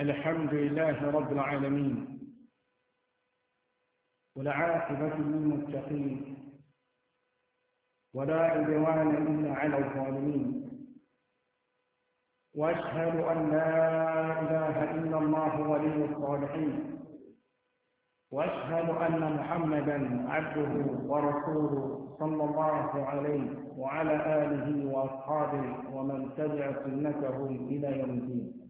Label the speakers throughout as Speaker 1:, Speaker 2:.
Speaker 1: الحمد لله رب العالمين ولعاقبة للمتقين ولا عدوان إلا على الظالمين وأشهد أن لا إله إلا الله ولي الصالحين وأشهد أن محمدا عبده ورسوله صلى الله عليه وعلى آله وأصحابه ومن تبع سنته إلى يوم الدين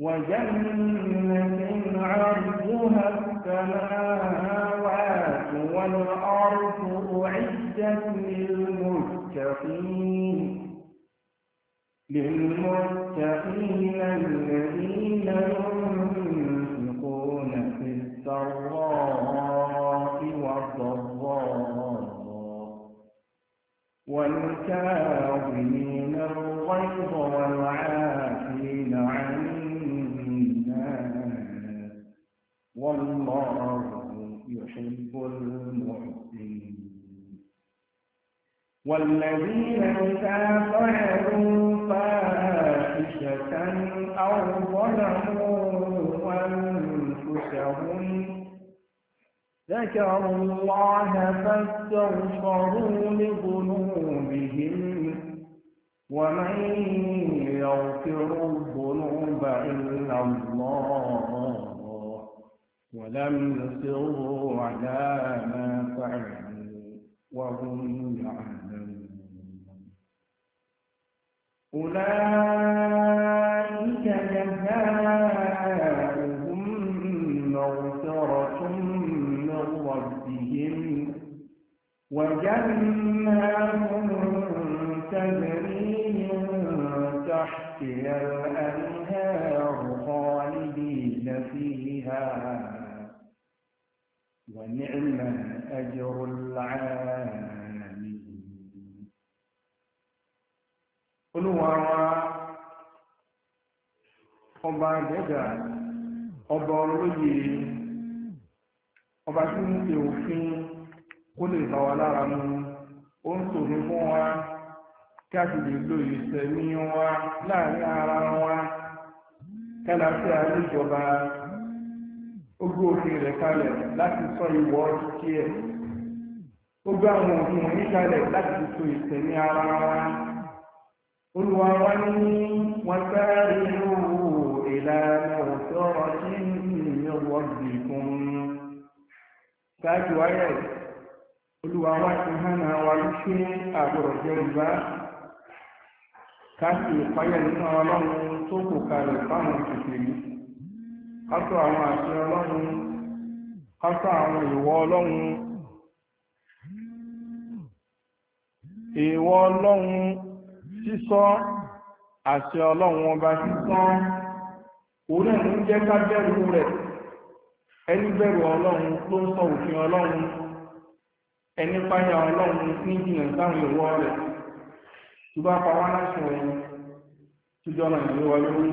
Speaker 1: وجنة عرضها السماوات والأرض أعدت للمتقين للمتقين الذين ينفقون في السراء والضراء والكافرين والله يحب المحسنين والذين إذا فعلوا فاحشة أو ظلموا أنفسهم ذكروا الله فاستغفروا لذنوبهم ومن يغفر الذنوب إلا الله ولم يصروا على ما فعلوا وهم يعلمون أولئك جزاؤهم مغفرة من ربهم وجنات تجري من تحتها الأنهار خالدين فيها ونعم أجر العاملين olúwa wa ọba àjẹ́gà ọba olóye ọba tí ń ṣe òfin kó lè bá wa lára mu ó ń fún wa kí a sì lè lo wa láàrin ara wa kí a lè àlejò ogún òfin rẹ̀ kalẹ̀ láti sọ ìwọ kí ẹ̀ ó gbé àwọn òfin wọ̀nyí kalẹ̀ láti so ìtẹ̀mí ara wa olùwà wa ní wọn sáré lówó ìlànà òtọ́rọ̀ tí ìyẹn wọ́n fún un ṣáájú ayẹ olùwà wa ti hàn àwa wípé àbúrò jẹ ìbá káàkiri ìpáyà nínú àwọn ọlọ́run tó kò kalẹ̀ fáwọn òṣèlú kásọ̀ àwọn àṣẹ ọlọ́run kásọ̀ àwọn ìwọ ọlọ́run ìwọ ọlọ́run sísọ àṣẹ ọlọ́run ọba sísọ òun náà ló ń jẹ́ ká bẹ̀rù rẹ̀ ẹni bẹ̀rù ọlọ́run ló ń sọ òfin ọlọ́run ẹni páyà ọlọ́run ní jìnnà sáwọn ìwọ rẹ̀ tó bá pa wá láṣọ ẹni tó jọ́nà ìwọ lórí.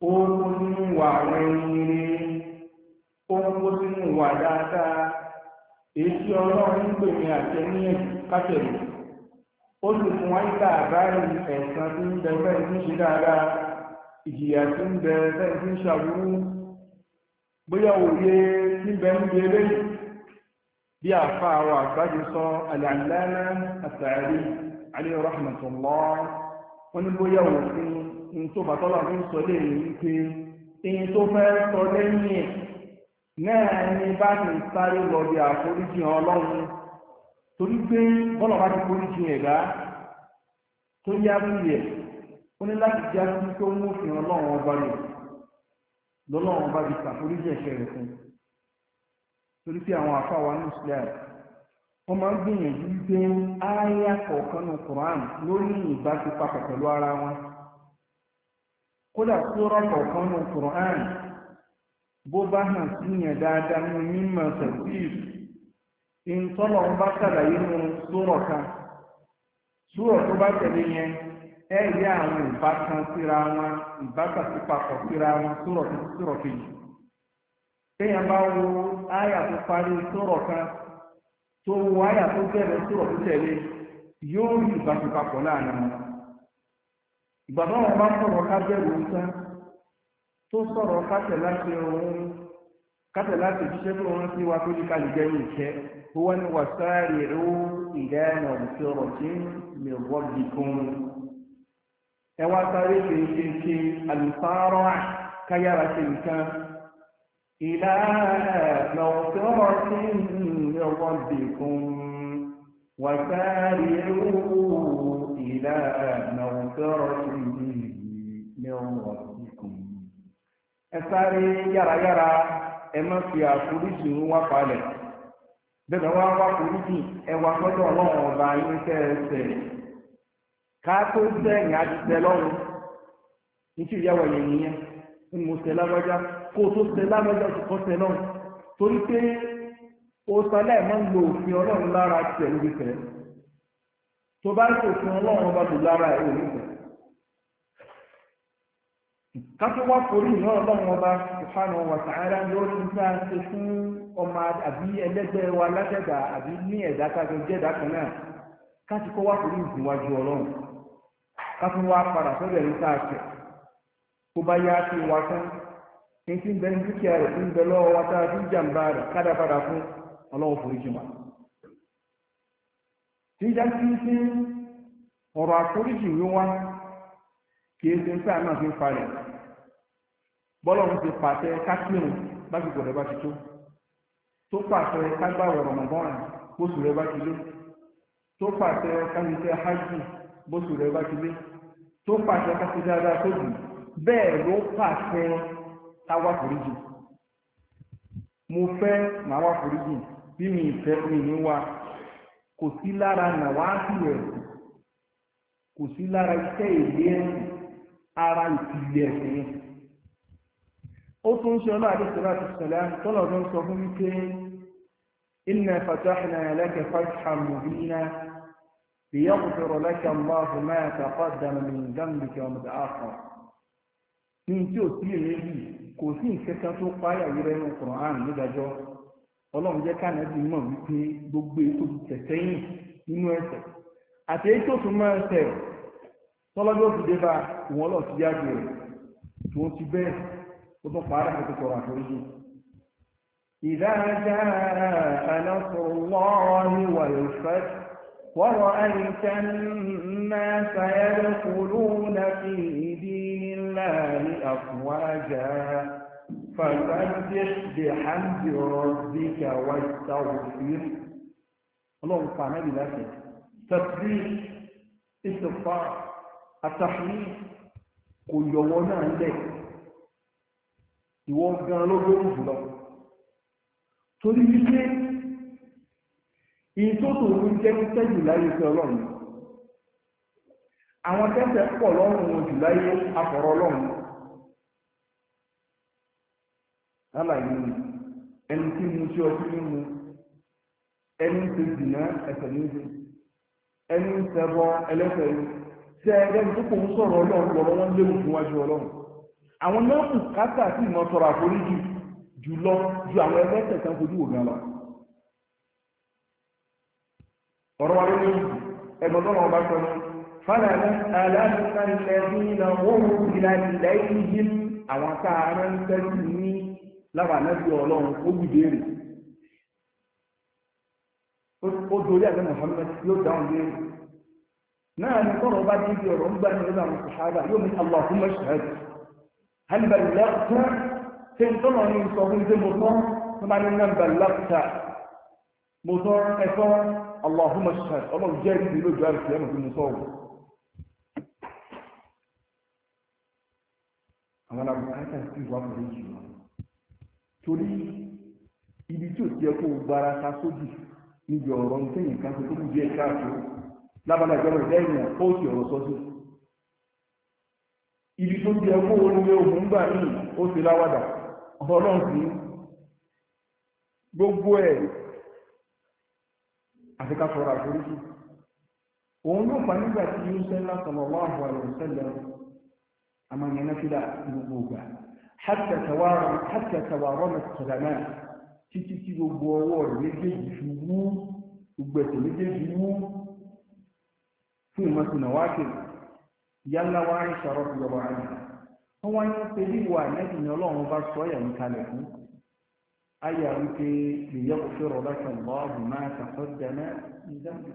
Speaker 1: o nínú ìwà àwọn ẹni rí ó ń ọrụ sínú ìwà dáadáa èyí tí ọlọ́run ń gbèmí àtẹníyàn kátẹ̀lú ó sì fún wáyé dáadáa ẹ̀sán tí ń bẹ fẹ́ tí ń ṣe dáadáa ìjìyà tí ń bẹ fẹ́ tí ń rahmatullah ní tó bàtọ́lọ̀ ní sọ lè rí pé èyí tó fẹ́ sọ lẹ́yìn ẹ̀ náà ni bá ti sáré lọ bí àforíjì torí pé bọ́lọ̀ bá ti foríjì tó yá ẹ̀ ó ní láti já sí mú ọlọ́run ọba rẹ̀ lọ́lọ́run ti sàforíjì ẹ̀ṣẹ̀ rẹ̀ fún torí pé àwọn Islam wọ́n máa ń gbìyànjú kọ̀ọ̀kan ara wọn kódà sóra kọ̀ọ̀kan nù Qur'an bó bá hàn síyàn dáadáa nínú mímọ̀ tẹ̀síf ìǹtọ́lọ̀ ń bá sàlàyé nínú sóra kan sóra tó bá tẹ̀lé yẹn ẹ rí àwọn ìbátan síra wọn ìbátan síra wọn sóra tó sóra kejì téèyàn bá wo áyà tó parí sóra kan tó wo tó ìgbàgbọ́ wọn bá sọ̀rọ̀ ká bẹ̀rù ńsá tó sọ̀rọ̀ kátẹ̀ láti ọ̀hún kátẹ̀ láti ṣiṣẹ́ tó wọ́n sí wa tó ní kálí jẹ́ ìṣẹ́ tó wọ́n ní wà sáàrì ó ìdáyàmà òfin ọ̀rọ̀ tí mi ò wọ́bi kún ẹ wá sáré ṣe ṣe ṣe àlùfáàrọ̀ káyára ṣe nǹkan ìlànà òfin ọ̀rọ̀ tí mi ò wọ́bi kún. وسارعوا إلى مغفرة من ربكم ẹsáré yárayára ẹ má fi àforíjì ń wá palẹ̀ bẹ́ẹ̀ wá wá foríjì ẹ wá gbọ́dọ̀ ọlọ́run ọba yín tẹ́ẹ̀sẹ̀ ká tó sẹ́yìn àtìsẹ́ lọ́run nítorí ìyàwó yẹn nìyẹn ń mo sẹ́ lágbájá kó o tó sẹ́ lágbájá tó kọ́ sẹ́ lọ́run torí pé ó sọ ń lo òfin ọlọ́run lára tiẹ̀ lórí tẹ̀ tó bá ń sòfin ọlọ́run ọba tó lára ẹ̀ lórí tẹ̀ kátó wá forí ìran ọlọ́run ọba subhanahu wa ta'ala ṣe fún ọmọ àbí ẹlẹ́gbẹ́ wa látẹ̀dá àbí ní ẹ̀dá kájọ jẹ́dá kan náà káti kọ́ wá forí ìgbìnwájú ọlọ́run kátó wá padà sọ́dọ̀ ẹ̀rí sáà tẹ̀ kó bá yá sí wa tán ti ń dúkìá rẹ̀ ń bẹ lọ́wọ́ wa a ọlọ́wọ́ forí jì wá tí ọ̀rọ̀ àforíjì wíwá kì í ṣe ń sáà náà fi ń falẹ̀ bọ́lọ́run ti pàṣẹ kákírun lásìkò rẹ̀ bá ti tó tó pàṣẹ bóṣù rẹ̀ bá ti lé tó pàṣẹ hajj bóṣù rẹ̀ bá ti lé tó bí mi ìfẹ́ mi ní wa kò sí lára nàwáàtì ẹ̀sìn kò sí lára iṣẹ́ ìlé ẹ̀sìn ara ìpìlẹ̀ ẹ̀sìn yẹn. ó tún ṣe ọlọ́ àdéhùn láti sọ̀lá tọ́lọ̀ tó ń sọ fún mi pé inna fatahna laka fathan mubina liyaghfira laka Allahu ma taqaddama min dhanbika wa ma ta'akhkhar ní tí ò sí èyí kò sí ìkẹta tó páyà yìí rẹ̀ ní Kùránì nídàjọ́ ọlọ́run jẹ́ kánẹ́bì mọ̀ wípé gbogbo ètò tẹ̀sẹ́yìn nínú ẹ̀sẹ̀ àti èyí tó tún máa ń tẹ̀ tọ́lọ́jọ́ ti dé bá wọn lọ sí yájú rẹ̀ tó ti bẹ́ẹ̀ ó tún pààrọ̀ àti tọrọ àforíjì. إذا جاء نصر الله والفتح ورأيت الناس يدخلون في دين الله أفواجا فسبح بحمد ربك واستغفر الله سبحانه وتعالى تسبيح استغفار التحميد كل يوم عندك ìwọ gan ló gbóòrò jùlọ torí wípé ìyí tó tòun ń jẹ́ tẹ́jù láyé sí ọlọ́run àwọn tẹ́sẹ̀ pọ̀ lọ́rùn jù láyé afọ̀rọ̀ ọlọ́run aláìní ni ẹni tí mu tí ọtí ní mu ẹni ń ṣe dìnnà ẹsẹ̀ ní ṣe ẹni ń ṣẹbọ ẹlẹ́sẹ̀ ní ṣe ẹgbẹ́ tó kò ń sọ̀rọ̀ ọlọ́run lọ́rọ́ wọn léwu fún wájú ọlọ́run àwọn náà kù kátà sí ìmọ̀ tọrọ àforíjì jùlọ ju àwọn ẹlẹ́sẹ̀ kan fojú wò gan lọ. ọ̀rọ̀ wa lórí ẹgbẹ́ tó lọ́wọ́ bá sọ ní fàlẹ́ aláàbùkà ilẹ̀ bí wọ́n wù láwọn ànábì ọlọ́run ó wù béèrè ó dorí àgbẹ̀ Muhammad yóò dáhùn béèrè náà ni kọ́rọ̀ bá dídí ọ̀rọ̀ ń gbá ní ọ̀rọ̀ àwọn sàhábà yóò ní Allahumma shahad hal ballagta ṣe ń tọ́nà ní sọ fún ṣe mo tọ́ tó máa ní tí mo àwọn àbùkátà sí ìwà pẹ̀lú ìjùlọ torí ibi tí ò ti ẹ kó gbára ta sójú níbi ọ̀rọ̀ nítẹ̀yìn kan tó kú díẹ̀ káàkiri lábala ìjọba ìdẹ́yìn àpóòtì ọ̀rọ̀ ibi tó ti ẹ kó o ní gbà ní ó gbogbo ẹ̀ àti ká òun nígbà tí yóò sẹ́ńlá sọ̀rọ̀ hátà tàwárọ̀ sọ̀dánà títí tí gbogbo ọwọ́ rẹ̀ méjèèjì fi wú gbogbo ẹ̀sẹ̀ méjèèjì wú fún ìmọ̀sùn náà wáṣẹ̀ yálà wá ń sọ̀rọ̀ sí ọba rẹ̀ wọ́n wá ní pẹ̀lú ìwà àyẹ̀kìnyàn ọlọ́run bá sọ ẹ̀yà ń kalẹ̀ fún ayé àwọn pé lèyẹ kò fẹ́ rọ̀lá sàlọ́ ọ̀hún máa tàkọ́ dáná ìdáàbò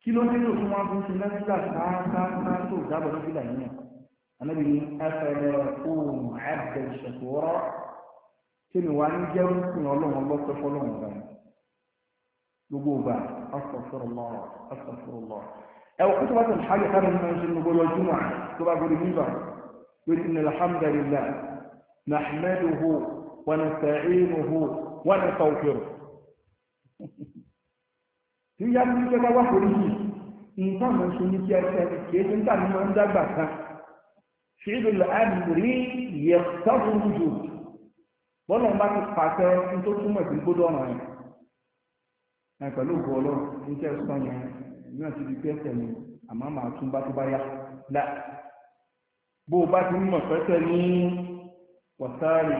Speaker 1: kí ló dé tó fún wọn fún ṣe lẹ́sílà sáásáásá tó dábọ̀ lọ́sílà yìí náà anábì ní afẹ́lẹ́ fóònù àbẹ̀ ìṣẹ̀kúrọ́ tí mi wá ń jẹ́ rúkùn ọlọ́run ọlọ́pẹ́ fọlọ́run ọ̀gá gbogbo ọba asọ̀fọ̀rọ̀lọ́ asọ̀fọ̀rọ̀lọ́ ẹ̀wọ̀n kó tó bá tẹ̀ ṣáàjì sáré nínú ẹ̀ṣin gbogbo ọjọ́ náà tó bá gbogbo nígbà lórí ní alhamdulillah nahmaduhu wa nasta'inuhu wa nastaghfiruh tí yá ní kí wà pẹ̀lú yìí nǹkan mọ̀ ṣe ní kí ẹ ṣe kí ẹ ṣe ń tà nínú ẹ̀ ń kan fílù àmìrí yẹ tọ́kùn jù ń bá ti pàṣẹ ní tó túmọ̀ sí gbọ́dọ̀ ọ̀ràn yẹn ẹ pẹ̀lú òkú ọlọ́run ní tẹ́ yẹn náà ti di pẹ́sẹ̀ mi àmọ́ màá tún bá tó bá yá là bó o bá ti mọ̀ pẹ́sẹ̀ ní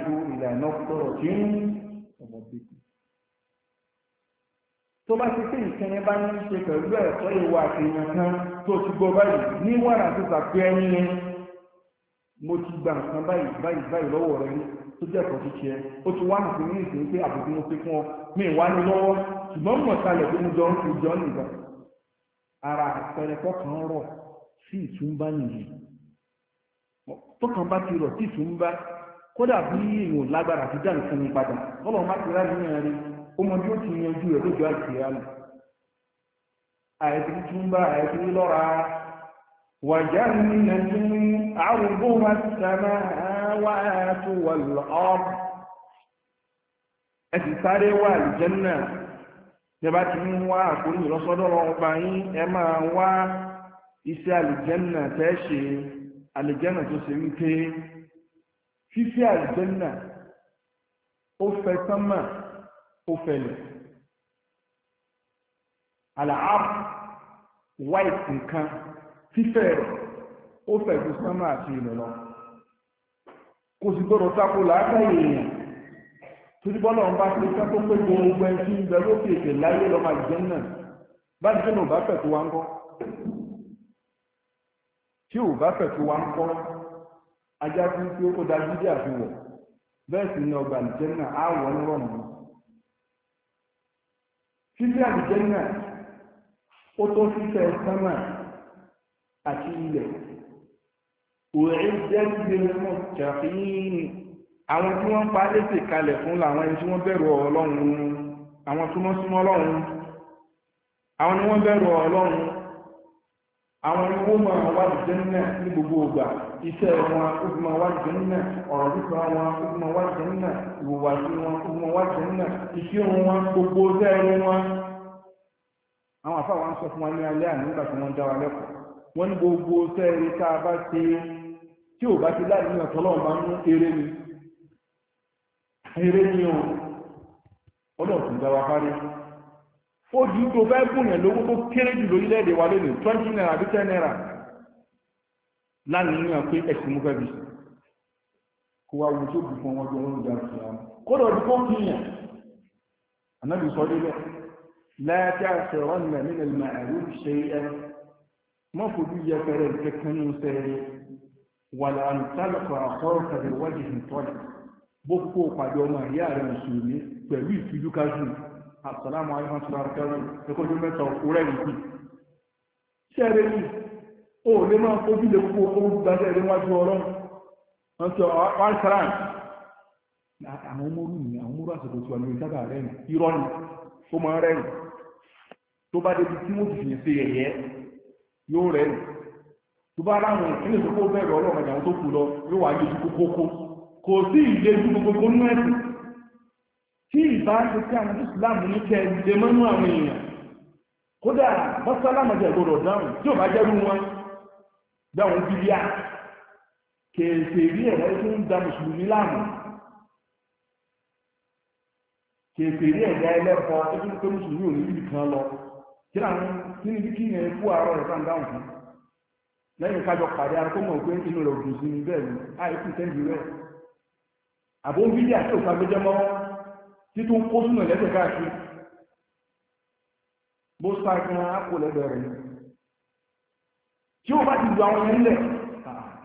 Speaker 1: kú ìlànà tí mo ti gba nǹkan báyìí báyìí báyìí lọ́wọ́ rẹ rí tó jẹ́ ẹ̀kọ́ ṣíṣe ẹ ó ti wá nìkan ní ìsìn pé àbùkù mo fi fún ọ mi wá ní lọ́wọ́ ṣùgbọ́n mọ̀ kalẹ̀ pé mo jọ ń fi jọ nìkan ara àpẹẹrẹ kọkàn rọ̀ sí ìtúmbá nìyí tọkàn bá ti rọ̀ sí ìtúmbá kódà bí èèyàn lágbára ti dá nǹkan mi padà lọ́wọ́ má ti ráàyè yẹn rí ó mọ bí ó ti yanjú rẹ̀ lójú àìsí rẹ̀ àìsí túmbá àìsí وجنة عرضها السماوات والأرض ẹ̀sì sáré wà àlìjẹ́nà nígbà tí ń wá àkórí ìlọ́sọ́dọ̀ ọba yín ẹ máa wá iṣẹ́ àlìjẹ́nà tẹ́ ṣe àlìjẹ́nà tó ṣe wípé fífi àlìjẹ́nà ó fẹ́ sánmà ó fẹlẹ̀ àlàáfù wáìtì nǹkan fífẹ̀ rẹ̀ ó fẹ̀ ju sánmà àti ilẹ̀ kò sì gbọ́dọ̀ tako làákàyè èèyàn torí bọ́lá ọ̀n bá ti ká tó pé gbogbo ẹni tí ń bẹ lókè ètè láyé lọ́mọ àjẹ́ náà bá ti jẹ́nu bá fẹ̀ tó ń kọ́ tí ò bá fẹ̀ ń kọ́ ajá pé ó da jíjẹ́ bẹ́ẹ̀ sì ni ọgbà àjẹ́ náà á wọ̀ ní rọ̀mù fífẹ́ àjẹ́ náà ó tó fífẹ́ sánmà àti ilẹ̀ òrí jẹ́gbẹ̀rún jàfíìn àwọn tí wọ́n ń pa lẹ́sẹ̀ kalẹ̀ fún làwọn ẹni tí wọ́n bẹ̀rù ọlọ́run àwọn tí wọ́n súnmọ́ ọlọ́run àwọn ni wọ́n bẹ̀rù ọlọ́run àwọn ni wọ́n máa wá jẹ́ nílẹ̀ ní gbogbo ìgbà iṣẹ́ wọn ó fi máa wá jẹ́ nílẹ̀ ọ̀rọ̀ nípa wọn ó fi máa wá jẹ́ nílẹ̀ ìwòwàsí wọn ó fi máa wá jẹ́ nílẹ̀ iṣẹ́ wọn gbogbo ọjọ́ ẹ̀rọ wọn àwọn àfáà sọ fún wa ní alẹ́ àná nígbà tí wọ́n dá wa lẹ́kọ̀ọ́ wọ́n ní gbogbo sẹ́ẹ̀rí tá a bá ṣe tí ò bá ti láì ní ọ̀tọ́ lọ́wọ́ máa ń mú eré ni eré ni o ọlọ́run tún dáwà parí ó ju tó fẹ́ bùnyàn lówó tó kéré jù lórílẹ̀-èdè wa lónìí twenty naira àbí ten naira lánàá níyàn pé ẹ̀sìn mú fẹ́ kó wá wù tó bù fún wọn tó sí àwọn kódà ọdún kan kí yàn ànábì sọ délẹ̀ láyé tí a nílẹ̀ nílẹ̀ màálù ṣe é má fojú yẹpẹrẹ kankan ní sẹ́rẹ̀ wàlà àǹtálẹ̀kọ̀ àkọ́ọ̀kọ̀ rẹ̀ wájú ìtọ́lẹ̀ bó kó pàdé ọmọ ìyá rẹ̀ mùsùlùmí pẹ̀lú ìtújúkájú àsàlámù aláìkùm tó rárá kẹrù ẹkọjú mẹ́ta òkúrẹ́ ìlú sẹ́rẹ̀ yìí ó lè máa fojú lè kó owó gbàdé rẹ̀ wájú ọlọ́run wọ́n sọ ah, wọ́n sàrán àwọn ọmọ orú ni àwọn ọmọ orú àsìkò tí wà ní ìsábà rẹ̀ irọ́ ni ó máa rẹ̀ tó bá débi tí mo ti fi ṣe ẹ̀yẹ́ yóò rẹ̀ nù tó bá ráhùn ẹni tó kó bẹ̀rù ọlọ́run àjàwọn tó kù lọ yóò wà yóò ju kókó kò sí ìdè ju gbogbo nú ẹ̀sìn tí ìbá ṣe sí àwọn Islam ní kẹ ìdè mọ́nú àwọn èèyàn kódà mọ́sálámọ̀jẹ̀ gbọdọ̀ dáhùn tí ò bá jẹ́rú wọn dáhùn bíbíà kèèfè rí ẹ̀rọ tó ń da mùsùlùmí láàmú kèèfè rí ẹ̀dá ẹlẹ́kọ̀ọ́ tó ń pé mùsùlùmí ò ní ibì kan lọ kí làwọn nínú bí kí yẹn kú àárọ̀ rẹ̀ sáà dáhùn fún lẹ́yìn kájọ pàdé ara kó mọ̀ pé inú rẹ̀ òdùn sí ni bẹ́ẹ̀ ni àìkú tẹ́lẹ̀ rẹ̀ àbó ń bídí àti òkú agbẹjẹ́ mọ́ títún kó sínú ẹ̀lẹ́sẹ̀ káàkiri bó sáà kí tí ó bá ti lu àwọn yẹn lẹ̀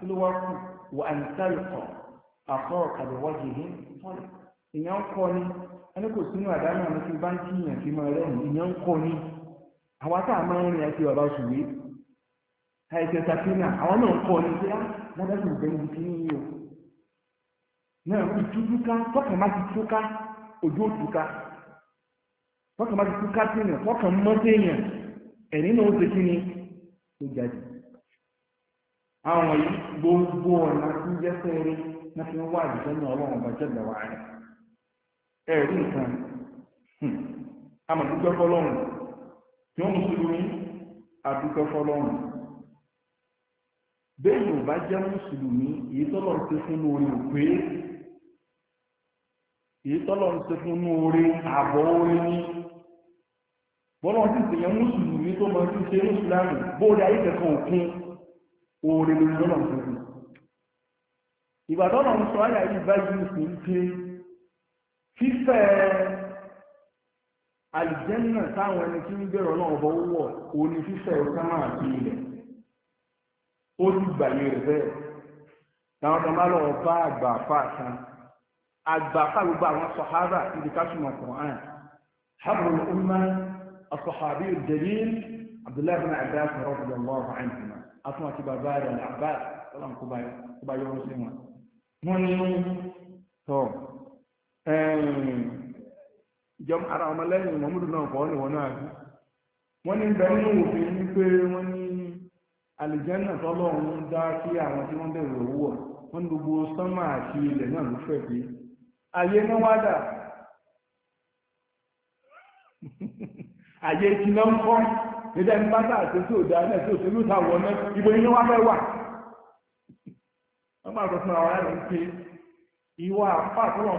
Speaker 1: ló wá kú wà á ń àkọ́rọ̀ kàdéwájú yìí fọ́lẹ̀ ìyẹn kọ́ ni ẹni kò sínú àdánù àmì tí bá ń kíyàn sí mọ́ ẹlẹ́yìn ni àwọn tá a máa ń rìn àti bàbá oṣù yìí àìsàn àwọn náà ń kọ́ ni pé á lábẹ́sì ìgbẹ́ ti ní yìí o náà ìtú túká tọ́kàn má ti túká òjò túká tọ́kàn má ti túká sí èèyàn tọ́kàn mọ́ sí ẹ̀rín náà ó ṣe kí ni ó jáde àwọn yìí tí wọ́n mùsùlùmí àdúgbò fọlọ́run bẹ́ẹ̀ ni ò bá jẹ́ mùsùlùmí èyí tọ́lọ̀ ń ṣe fún orí òpé èyí tọ́lọ̀ ń ṣe fún orí àbọ̀ orí ní bọ́lọ̀ ti ṣe yẹn mùsùlùmí tó mọ̀ sí ṣe mùsùlùmí bóòdì ayé kẹ̀kọ́ òkun orí lórí tọ́lọ̀ ń ṣe fún ìgbà tọ́lọ̀ ń sọ ayé àyè báyìí ní pé fífẹ́ àlìjẹ́nà táwọn ẹni tí ń bẹ̀rọ náà bọ́ wọ̀ o ní fífẹ́ sánmà àti ilẹ̀ ó ti gbàyè rẹ̀ bẹ́ẹ̀ táwọn kan bá lọ bá àgbà àfà kan àgbà àfà gbogbo àwọn sọ̀hárà ibi ká túnmọ̀ kùnán habrul umma asọ̀hábí dalil abdullahi bin abbas radiyallahu anhuma afun àti bàbá rẹ̀ abbas ọlọ́run kó bá yọrọ sí wọn. wọ́n ní tọ́ jọm ara ọma lẹ́yìn Muhammadu náà kọ́ ni wọn náà bí ní bẹ nínú òfin ní pé ní alìjẹ́nà tọ́lọ́run dá sí àwọn tí wọ́n bẹ̀rẹ̀ owó ọ̀ wọ́n gbogbo àti náà ló pé ayé náà wá dà ayé tí náà ń náà náà ibo iná wá wà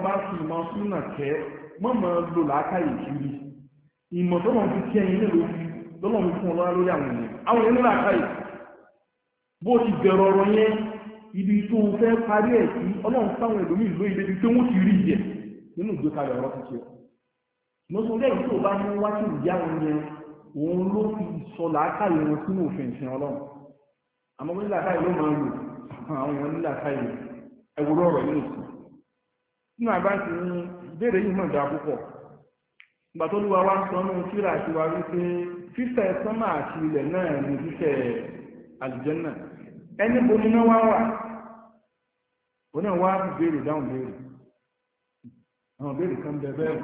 Speaker 1: bá sọ mọ́ mọ́ lò láákàyè kiri ìmọ̀ tọ́lọ̀ fi kí ẹyin nílò lọ́lọ́ fi fún ọlọ́run lórí àwọn ènìyàn àwọn ènìyàn láákàyè bó ti bẹ̀rẹ̀ ọ̀rọ̀ yẹn ibi tó fẹ́ parí ẹ̀ sí ọlọ́run táwọn ẹlòmíì lóye débi pé wọ́n ti rí ìyẹ̀ nínú ìgbékalẹ̀ ọ̀rọ̀ ti ṣe ọ́ lọ́sọ̀ lẹ́yìn tó bá mú wá sí ìyá wọn yẹn òun ló fi sọ làákàyè wọn sínú òfin ìsìn ọlọ́run àmọ́ wọ́n ní làákàyè ló máa ń lò àwọn èèyàn ní làákàyè ẹ̀wòrán ọ̀rọ̀ yìí nìkan nínú àbá ti ìbéèrè yìí mọ̀ púpọ̀ ìgbà tó lúwa wá ń sọ ní tíra àti wa wípé fífẹ́ sánmà àti ilẹ̀ náà ní fífẹ́ àlùjànnà ẹni bo níná wá wà òun náà wá dáhùn àwọn kan bẹ bẹ́ẹ̀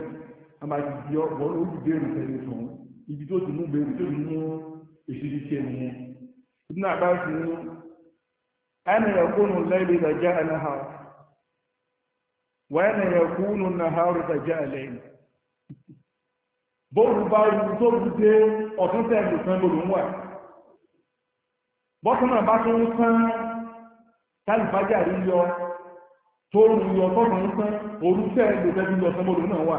Speaker 1: wọn bá ti di ọ̀pọ̀ lórí béèrè tẹ̀lé tán ibi tó ti mú béèrè tó ti mú èsì ti nìyẹn ti ẹni lẹ́yìn ẹni wẹ́nà ẹ̀kúnnù na haru tàjá ẹ̀lẹ́yìn bóòrù bá rú tó rú dé ọ̀tún tẹ́lù kan lòrò ń wà bọ́túnà bá tún ń sán tálìfájà rí yọ tó rú yọ tọ́tún ń sán orú tẹ́lù tẹ́lù yọ sán lòrò náà wà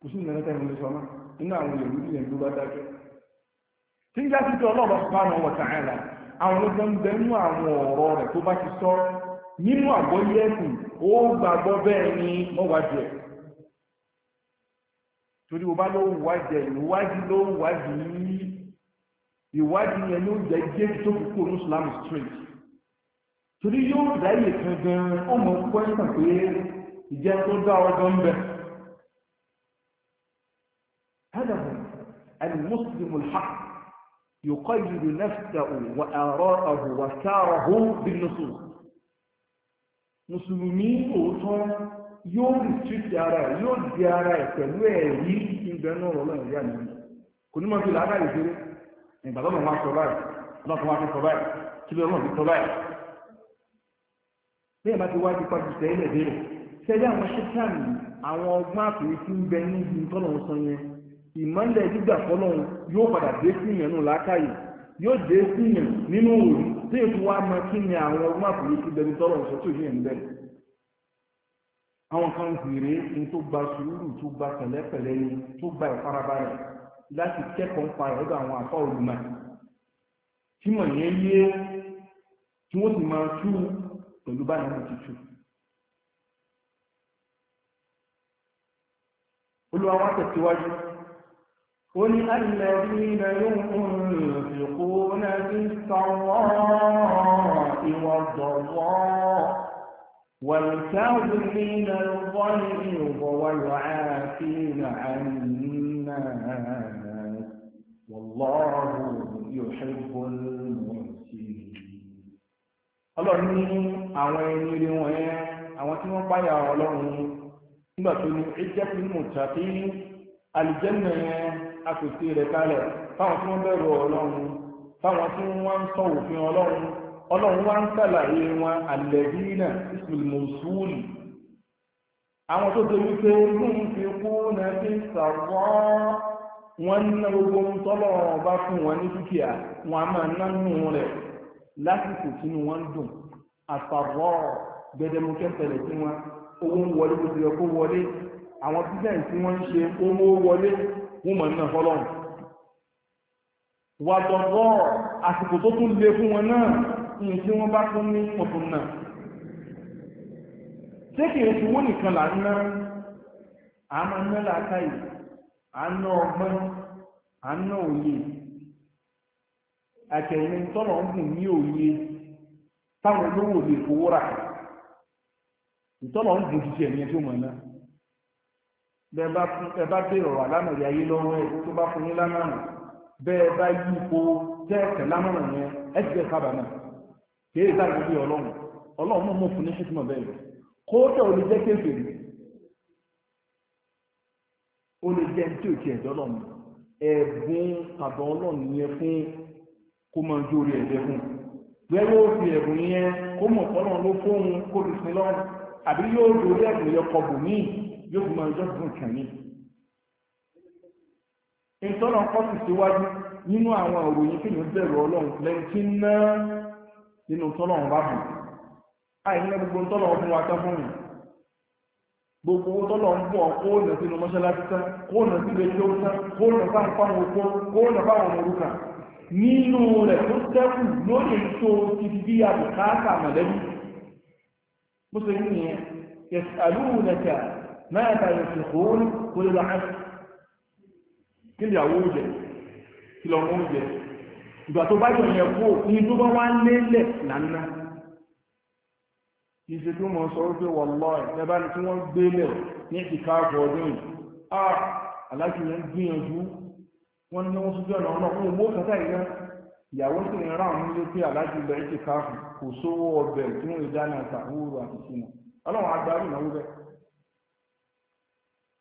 Speaker 1: kò sí ìnáwó nínú àwọn èrú ìyẹn tó bá dájọ́ tí ń já sọ nínú àgbọ́yé ẹ̀sìn ó gbàgbọ́ bẹ́ẹ̀ ni wọ́n wá jẹ torí o bá ló ń wájẹ ìwádìí ló ń wádìí ìwádìí yẹn ló jẹ jẹ tó kú kó ní Islam street torí yóò dáyé kan gan ọmọ pẹ́ńtà pé ìjẹ́ tó dá ọgbọ́n ń bẹ̀. هدف المسلم الحق يقيد نفسه وآراءه وساره بالنصوص mùsùlùmí òótọ́ yóò rìsítì ara ẹ̀ yóò di ara ẹ̀ pẹ̀lú ẹ̀rí ìgbẹ́nú ọ̀rọ̀ lọ́yìn ìyá mi kò ní mọ̀ sí làákà ìṣeré ìgbà lọ́nà wọn sọ báyìí lọ́nà wọn sọ báyìí kí lọ́nà fi sọ báyìí. bẹ́ẹ̀ bá ti wá ti pàtó sẹ́yìn ẹ̀dẹ́ rẹ̀ sẹ́yìn àwọn ṣẹ́tàmì àwọn ọgbọ́n àpèrè tí ń bẹ ní ibi tọ́nà ń sọ yẹn ìmọ̀lẹ̀ gbígbà fọ́nà yóò tí èkó wá mọ kí ni àwọn ọgbọ́n àpòlù ti bẹni tọ́lọ̀ sọ tó yẹn bẹ́ẹ̀ àwọn kan gbèrè ní tó gba sùúrù tó gba pẹ̀lẹ́pẹ̀lẹ́ ni tó gba ìfarabalẹ̀ láti kẹ́kọ̀ọ́ pa ẹ̀ lọ́dọ̀ àwọn àfọ́ olùmọ̀ tí mọ̀ yẹn yé tí wọ́n sì máa tú pẹ̀lú báyìí ní tútù. olùwà wa tẹ̀síwájú. قل الذين ينفقون في السراء والضراء والكاظمين الغيظ والعافين عن الناس والله يحب المحسنين ọlọ́run ní àwọn ẹni rí wọn ẹ àwọn tí wọ́n páyà ọlọ́run nígbà tó ní ẹjẹ́ pínlẹ̀ tàbí alìjẹ́nà yẹn apèsè rẹ̀ kalẹ̀ fáwọn tí wọ́n bẹ̀rù ọlọ́run fáwọn tí wọ́n ń sọ òfin ọlọ́run ọlọ́run wá ń sàlàyé wọn àlẹ́bínà ìsìlmùsùlù àwọn tó ṣe wípé lóun fi kú náà fi sàwọ́ wọn ná gbogbo ohun tọ́lọ́run bá fún wọn ní dúkìá wọn a máa ná nù rẹ̀ lásìkò tí wọn ń dùn àtàwọ̀ gbẹdẹmukẹ́ tẹ̀lẹ̀ sí wọn owó ń wọlé gbogbo ẹ̀kọ́ wọlé àwọn bísẹ̀ tí wọ́n ń ṣe owó wọlé wọ́n mọ̀ nínú fọ́lọ́run wà tọ̀rọ̀ àsìkò tó tún lè fún wọn náà ní tí wọ́n bá tún ní pọ̀tún náà ṣé kìí fi wọ́n nìkan là ń ná a máa ń ná a ń ná ọgbọ́n a ń ná òye àtẹ̀yìn tọ́nà ń gùn ní òye táwọn olówó lè fowó rà ìtọ́nà ń gùn jíjẹ ìyẹn tó mọ̀ náà bẹ́ẹ̀ bá fún ẹ bá bèrè ọ̀rọ̀ àlámọ̀rí ayé lọ́wọ́ ẹ tó bá fún yín lámọ̀ràn bẹ́ẹ̀ bá yí ipò tẹ́ẹ̀kẹ́ lámọ̀ràn yẹn ẹ ti bẹ́ẹ̀ kábàámọ̀ kéèrè táyà bí ọlọ́run ọlọ́run mọ̀ mọ̀ fún ní ṣíṣímọ̀ bẹ́ẹ̀ kódà ò lè jẹ́ kéfèrè ó lè jẹ́ tí ò ti ẹ̀dọ́ lọ́nà ẹ̀bùn àbọ̀ ọlọ́run yẹn fún kó máa jó orí ẹ̀jẹ̀ fún bẹ́ẹ̀ yóò fi ẹ̀bùn yóò fi máa jọ́ fún kàn ní. ìtọ́nà kọ́sì síwájú nínú àwọn òròyìn tí yóò bẹ̀rù ọlọ́run lẹ́yìn tí ń ná nínú tọ́lọ́run bá bù. àìní náà gbogbo tọ́lọ́run fún wa tán fún mi. gbogbo owó tọ́lọ́run bọ̀ kó nà sínú mọ́ṣáláṣí tán kó nà sí ilé tó tán kó nà sáà fáwọn oko kó nà fáwọn ọmọ orúkà nínú rẹ̀ tó sẹ́kù lóye tó ti bí àbùkátà mọ̀lẹ́bí. mo ṣe ń yẹn yẹ̀sàlúù nẹ̀kẹ̀ mẹ́ta ìsìnkún kó lè lọ ẹ́ kí ni àwọn oúnjẹ kí lọ mọ oúnjẹ ìgbà tó bá yọ̀ yẹn kó ní tó wọ́n ni ní wọ́n ní wọ́n ọ̀nà ọ̀nà fún ìyá ìyàwó ń ra àwọn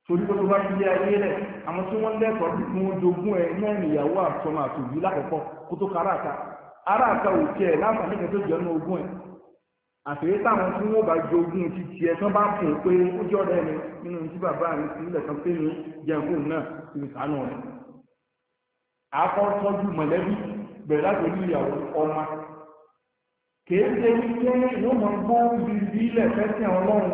Speaker 1: torí pé tó bá ilé ayé rẹ̀ àwọn tí wọ́n lẹ́kọ̀ọ́ bí wọ́n jogún ẹ̀ náà nìyàwó àtọmọ àtòbí lákọ̀ọ́kọ́ kó tó kára àta ara àta ò tiẹ̀ láǹfààní kan tó jẹ́ ọ̀nà ogún ẹ̀ àtẹ̀yẹ táwọn tí wọ́n bá jogún ti tiẹ̀ tán bá fún un pé ó jọ́ ọ̀dà ẹni nínú tí bàbá mi ti nílẹ̀ kan pé ní jẹ̀ǹkó náà ti fi sànù rẹ̀ akọ́tọ́jú mọ̀lẹ́bí bẹ̀rẹ̀ láti orí ìyàwó ọmọ kèé ṣe wípé ìwọ́n mọ̀ ń gbó ibi ilẹ̀ fẹ́ sí àwọn ọlọ́run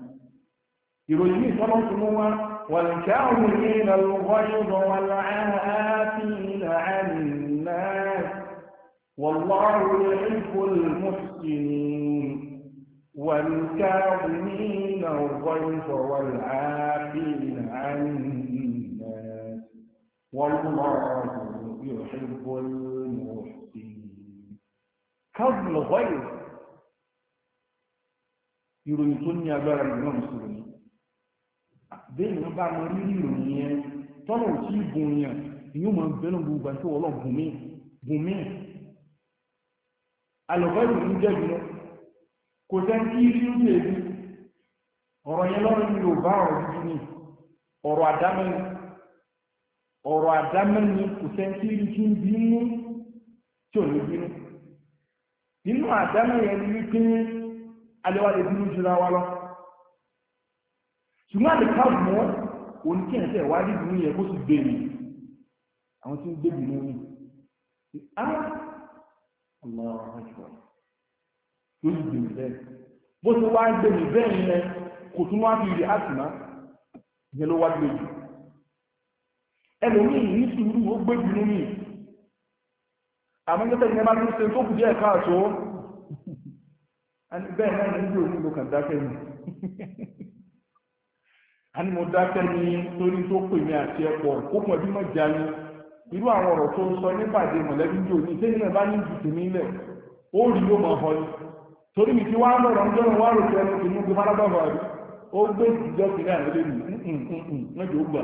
Speaker 1: ìròyìn ìsọ́lọ́ ti والكاظمين الغيظ والعافين عن الناس والله يحب المحسنين والكاظمين الغيظ والعافين عن الناس والله يحب المحسنين كظم الغيظ يريدون يا بلد المسلمين béèyàn bá mọ rírì ìròyìn tọrọ tọ́nà ò tí ì gùn yàn ìyó mọ bẹ́ẹ̀ lóun gbogbo àti ọlọ́ gùn mí gùn mí alọ́gbọ́n ìròyìn jẹ́ kò sẹ́ni kí rí ń pè ọ̀rọ̀ yẹn lọ́rọ̀ mi ọ̀rọ̀ ni ọ̀rọ̀ àdámẹ́ni ọ̀rọ̀ àdámẹ́ni kò sẹ́ni kí ń bínú tí ò ní bínú nínú ni wípé lè ṣùgbọ́n àlèkà mọ́ oníkẹ́ẹ̀ẹ́sẹ̀ wá rí ìdúnú yẹn kó sì bèèrè àwọn tí ń gbé ìdúnú ní ara ọlọ́run àjọ yóò sì gbèmí bẹ́ẹ̀ bó ti wá ń gbèmí bẹ́ẹ̀ yẹn kò tún wá fi rí àtìmá yẹn ló wá gbé jù ẹlòmíì ní sùúrù ó gbé ìdúnú mi àmọ́ jẹ́tẹ̀ ìyẹn bá tún ṣe tó kù díẹ̀ káàtó bẹ́ẹ̀ náà ní ìdí òun ló kàn dákẹ́ mi a ní mo dákẹ́ ní torí tó pè mí àti ẹ̀pọ̀ kó mọ̀ bí mọ̀ já ní irú àwọn ọ̀rọ̀ tó ń sọ nípàdé mọ̀lẹ́bí jò ní ìdí náà bá ní ju tèmi ó rí ló mọ̀ ọ́ torí mi ti wá lọ́rọ̀ ń jọ́nà wá rò pé ẹni tèmi gbé fárá bàbà ó gbé ìjọ kìnìún àwọn ilé mi mẹ́jọ ó gbà.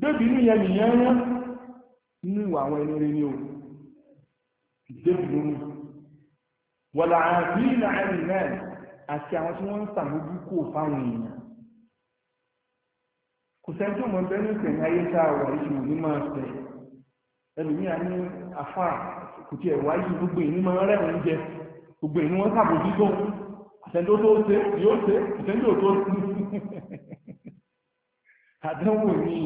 Speaker 1: débi inú yẹn nìyẹn rán inú ìwà àwọn ẹni rẹ o débi lónìí wàlà àbí ìlànà náà àti àwọn tí wọ́n ń sàmójú kò fáwọn èèyàn kò sẹ́ni tó mọ bẹ́ẹ̀ ní ìsẹ̀yìn ayé tá a wà ìṣòwò ní máa sẹ̀ ẹlòmíà ní afá kò tiẹ̀ wáyé gbogbo ìní máa rẹ̀ wọ́n jẹ gbogbo ìní wọ́n sàbójú tó àtẹ̀ńtó tó ṣe yóò ṣe àtẹ̀ńtó tó ṣe àdánwò ní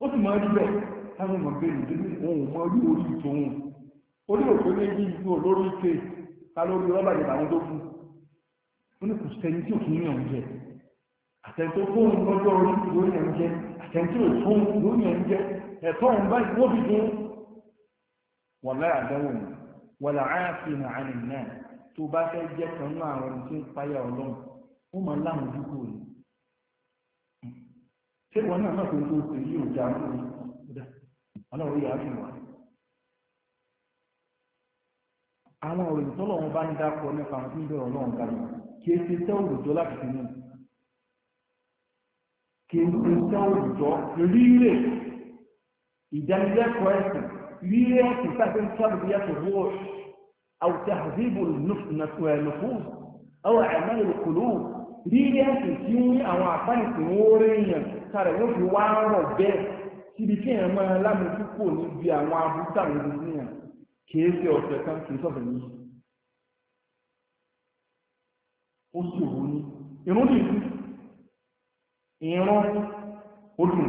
Speaker 1: ó sì máa rí bẹ́ẹ̀ táwọn ọmọ bẹ́ẹ̀ nìdí òun mọ orí orí tòun orí òkú ní ibi ìlú olórí ike ta lórí rọ́bà ìbàwọn tó kù ó ní kò sẹ́ni tí òfin yàn jẹ àtẹ̀tọ́ fóun lọ́jọ́ orí ló yàn jẹ àtẹ̀tọ́ fóun ló yàn jẹ ẹ̀tọ́ òun báyìí wọ́n fi dún wọ́n tó bá fẹ́ jẹ́ kan náà àwọn tí ń payà ọlọ́run ó máa láwọn dúkù rẹ̀ ṣé wọn náà náà tó ń tó ṣe yìí ò dáa ọlọ́run yà á fi wà àwọn òròyìn tó bá ń dákọ̀ nípa ń bẹ̀rẹ̀ ọlọ́run kalẹ̀ kìí ṣe tẹ́ òrùjọ́ láti fi mú kìí ṣe tẹ́ òrùjọ́ rírè ìdánilẹ́kọ̀ọ́ ẹ̀sìn rírè ẹ̀sìn sáfẹ́ sábìyà tó wọ́ àwùjọ àdébò nàfúùs àwọn àmàlẹ̀ òkòló rírè ẹ̀sìn tí ń rí àwọn àfáìsìn wọn rí èèyàn kárẹ̀ yóò fi wá rọ̀ bẹ́ẹ̀ síbi kí èèyàn máa lámùkú kò níbi àwọn abúlé àwọn kìí ṣe ọ̀sẹ̀ kan kìí sọ̀rọ̀ yìí ó sì òun ní irun lè kú irun ó dùn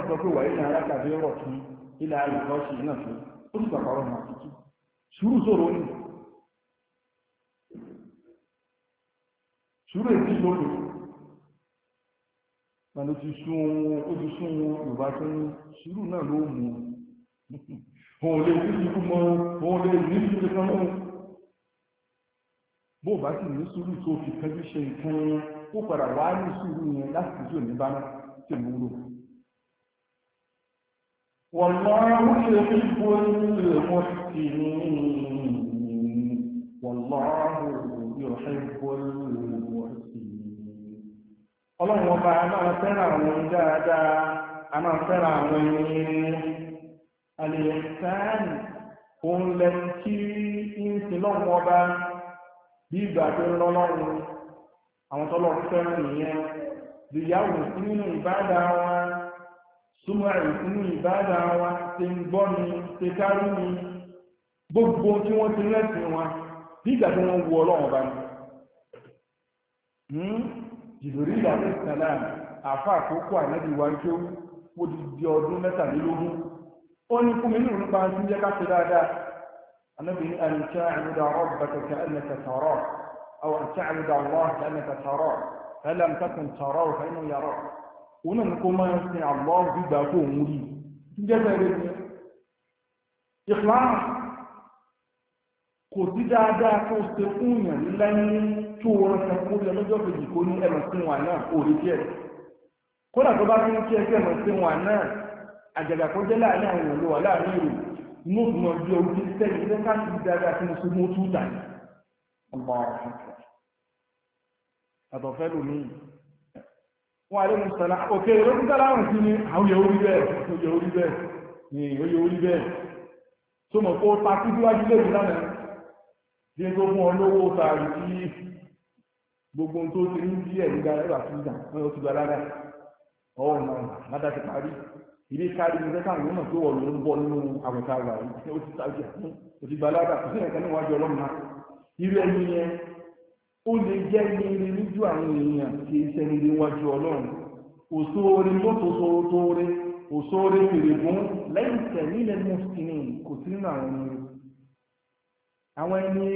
Speaker 1: ti sọ pé wàá ilẹ̀ ara rọ̀ tún ilẹ̀ ayé kan náà fún ó sì pàpà ọ̀rọ̀ màá tuntun sùúrù sòrò ní sùúrù èdè lókè pẹ̀lú ti sún ohun yorùbá tó ń sùúrù náà ló mú un lè ní ìdíkú mọ́ òun lè ní ìdíkú mọ́ bó bá sì ní sùúrù tó fi kánjú ṣe nǹkan yẹn ó padà wá ní sùúrù yẹn láti tí ò ní bá náà tí mo wúlò. wọ́n lọ ń ṣe fífò nílé ní wọ́n lọ ń ní. ọlọ́run ọba náà fẹ́ràn àwọn dáadáa a máa fẹ́ràn àwọn ẹni alẹ́ sáà òun lẹ́nu tí ń sin lọ́wọ́ ọba. bí ìgbà tó ń lọ́lọ́run àwọn tọ́lọ́ fẹ́ràn nìyẹn lùyàwó fún nínú ìbáàdà wa súnmọ́ àrùn wa ń gbọ́ ni kárú mi gbogbo tí wọ́n ti lẹ́sìn wa bí ìgbà tó wọ́n wu ọlọ́run bá àfa àkókò ànábì wa di ọdún mẹ́tàlélógún ó ní النبي أن تعبد ربك كأنك تراه أو أن تعبد الله كأنك تراه فلم تكن تراه فإنه يراك وننكم ما يصنع الله في باكو مري جزاء إخلاص kò sí dáadáa tó ṣe fún yàn lẹ́yìn tó wọ́n ṣe fún yàn lọ́jọ́ kejì kó ní ẹ̀mọ̀ sí wọn náà kò rí díẹ̀. kódà tó bá fi ń kí ẹgbẹ́ ẹ̀mọ̀ sí wọn náà àjàgà kó jẹ́ láàrin àwọn òun láàrin ìlú inú òfin náà bí orí sẹ́yìn ilé káàkiri dáadáa tí mo ṣe mú tú dà ní ọgbà ọ̀hún àtọ̀fẹ́ lómi wọn àlẹ́ mùsàlá òkè lókùn tàlà sí ni àwọn ah, yẹ orí bẹ́ẹ̀ ni oyè orí bẹ́ẹ̀ tó mọ̀ kó ta kú síwájú lè rí lánàá bí n tó fún ọ lówó tààrí sí gbogbo tó ti ní bí ẹ̀ nígbà ẹ̀rọ àti ilé kárí ní sẹ́ká àwọn ọmọ tó wọ̀ ló ń bọ̀ nínú àwẹ̀ká wà yìí ó ti sáré àfún òtí gbalága kò sí ẹ̀ka níwájú ọlọ́run náà irú ẹni yẹn ó lè jẹ́ ní ilé lójú àwọn èèyàn kì í ṣẹni níwájú ọlọ́run òṣòore mọ́tò sóore òṣòore fèrègún lẹ́yìn tẹ̀lé ilẹ̀ mọ́sìkìnì kò sí nínú àwọn ẹni àwọn ẹni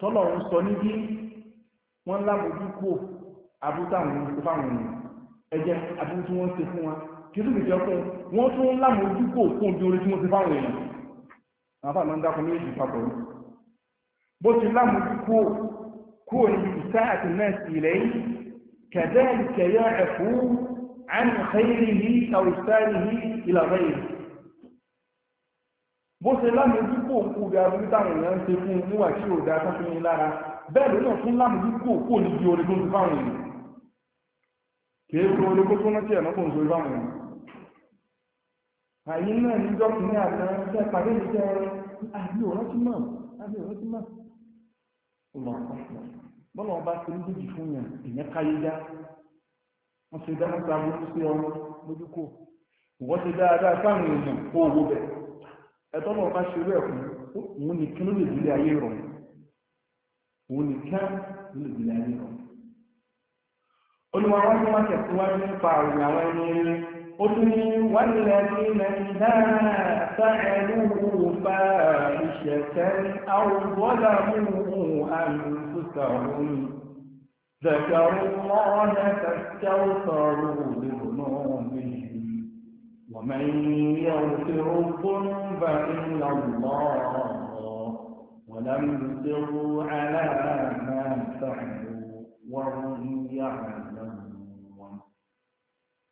Speaker 1: tọ́lọ̀ ń sọ níbí wọ́n lábójú kú àbúta àwọn ẹni ẹ̀jẹ̀ àbúrú tí wọ́n ṣe fún wa kìí jẹ́ pé wọ́n tún lámójúkò kó ojú orí tí wọ́n ti fáwọn èèyàn àwọn àmà ń dákun méjì papọ̀ ní bó ti lámójúkò kó ní ìta àti nẹ́ẹ̀sì ilẹ̀ yìí kẹ̀dẹ́ ìkẹyẹ ẹ̀fú àmì xeyìrì yìí àwùsáàrì yìí ìlànà yìí bó ti lámójúkò kó ń ṣe fún níwà àyè náà ní dọ́kítà àtàwọn ẹgbẹ́ pàdé ìjẹ́ àbí òrántí mọ̀ àbí òrántí mọ̀ ọlọ́ ọ̀pọ̀ bọ́lá ọba ti ń dèjì fún yàn ìyẹn káyé já wọ́n ṣe dáadáa lójú sí ọmọ lójú kò wọ́n ṣe dáadáa sáwọn èèyàn kó owó bẹ̀ ẹ̀tọ́ náà ṣe rẹ̀ fún òun nìkan ló lè dìlé ayé rọ̀ òun nìkan ló lè dìlé ayé rọ̀ olùwàwọ́ ni tẹ̀síwájú nípa àrùn àwọn ẹni قل والذين إذا فعلوا فاحشة أو ظلموا أنفسهم ذكروا الله فاستغفروا لذنوبهم ومن يغفر الذنوب إلا الله ولم يصروا على ما فعلوا وهم يعلمون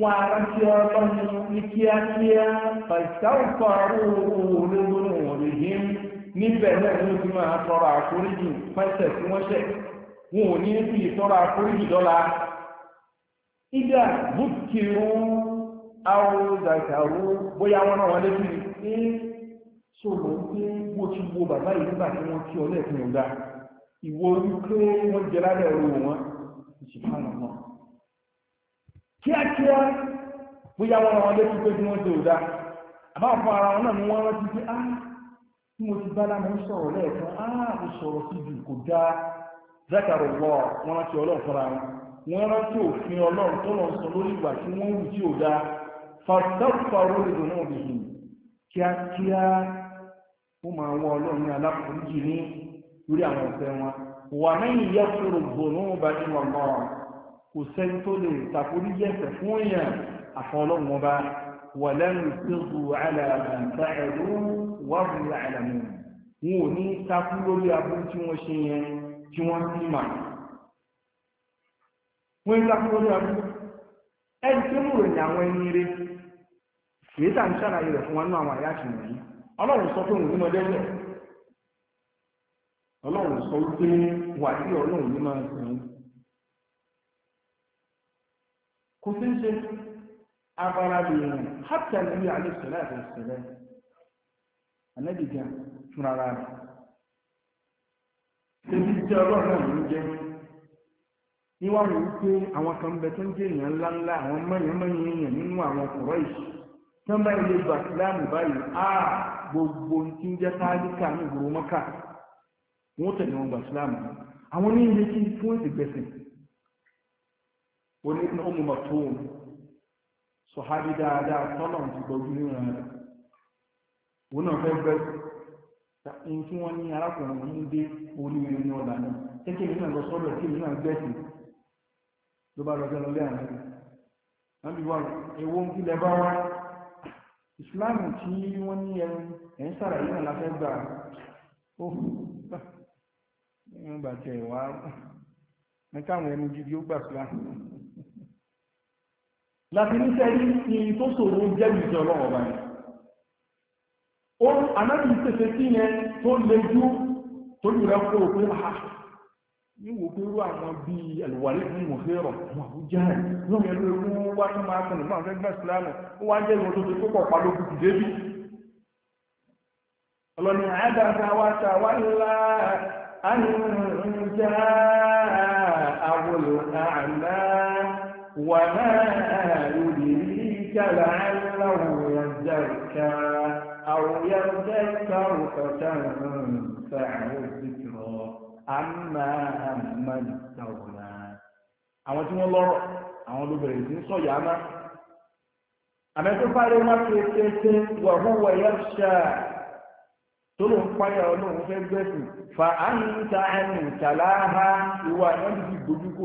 Speaker 1: wọn arántí ọlọ́run ní kíákíá pàṣípàrọ̀ olóòórùn òrìhìn níbẹ̀ náà ni ó ti máa tọrọ àforíjì pẹ́sẹ̀ tí wọ́n ṣẹ̀ wọn ò ní fi ìtọrọ àforíjì dọ́la ìdá bùkìrù àwòzàkàrò bóyá wọn náà wọn létí ní sọ̀rọ̀ pé bó ti wo bàbá yìí nígbà tí wọ́n kí ọ lẹ́ẹ̀kan ìwọ orí pé wọ́n jẹ lálẹ́ orí wọn ìṣèkánná náà kíákíá bóyá wọn àwọn létí pé bí wọ́n ṣe ò dáa àbá fún ara wọn náà ni wọ́n rántí pé ah tí mo ti bá lámọ̀ ń sọ̀rọ̀ ah mo sọ̀rọ̀ sí ibi kò dáa zákàrọ̀ wọ̀ wọ́n rántí fúnra wọn rántí òfin tó lọ sọ lórí ìgbà tí wù tí ò fàtàkùfà kíákíá ó máa wọ ní ní lórí àwọn ọ̀fẹ́ wọn kò sẹ́ni tó lè tàkórí yẹ̀sẹ̀ fún èèyàn àfọn ọlọ́run wà lẹ́nu ìṣègùn wà bùnú àlàmù wọn ò ní takú lórí aburú tí wọ́n ṣe yẹn tí wọ́n sì mà wọ́n ń takú lórí aburú ẹni tó mú ròyìn àwọn ẹni rẹ kìí ṣàlàyé fún àwọn àyà àti ọlọ́run sọ pé òun ọlọ́run sọ wípé wà kò sí ṣe agbára lèèrè hátà lórí àlẹ́sọ̀lá àti ìṣẹ̀lẹ̀ ànẹ́bìgà fúnra rẹ̀
Speaker 2: tẹ́bí jẹ́ ọlọ́run náà ló na
Speaker 1: ní wọ́n rò wípé àwọn kan bẹ tó ń jẹ́ èèyàn ńláńlá àwọn mẹ́rin mẹ́rin èèyàn nínú àwọn ọkùnrin ìṣù tí wọ́n bá ilé ìgbà síláàmù báyìí á gbogbo ń ní mọ́kà tẹ̀lé wọn oní ọmọ mọ̀tún sọ̀hábí dáadáa tọ́lọ̀ ti gbọ́jú níran rẹ̀ wọn náà fẹ́ bẹ́ ohun tí wọ́n ní arákùnrin ọ̀hún dé onírin ní ọ̀la náà kéèké mi náà sọ́dọ̀ na mi náà gbẹ̀sìn ló bá lọ́jọ́ lọ́lẹ́ àná wọ́n bí wọ́n ewu ń kílẹ̀ bá wá ìsìláàmù tí wọ́n ní ẹrù ẹ̀ ń sára yìí náà la fẹ́ gbà ó tẹ̀ wá ó gbà láti ní sẹ́rí ní tó sòrò jẹ́ ìjọ ọlọ́wọ́ báyìí ó anábì tètè sí yẹn tó lejú tó lù rẹ kó pé ha ah, ní wò pé irú àwọn bíi àlùwálé fún mòfẹ́rọ̀ àwọn àbújá ẹ̀ lóun yẹn ló mú wá ní وما يدريك لعله يزكى أو يذكر فتنفعه الذكرى أما من استغنى àwọn tí wọ́n lọ́rọ̀ àwọn olóbìnrin tí ń sọ̀yà á má àmẹ́tọ́fà rẹ̀ wọ́n ké tẹ́tẹ́ wàhúwà yẹ́ ṣá tó ló ń páyà ọlọ́run fẹ́ gbẹ̀sùn fa àyíká ẹnu ìtàláha ìwà ẹ̀yọ́ ti fi kò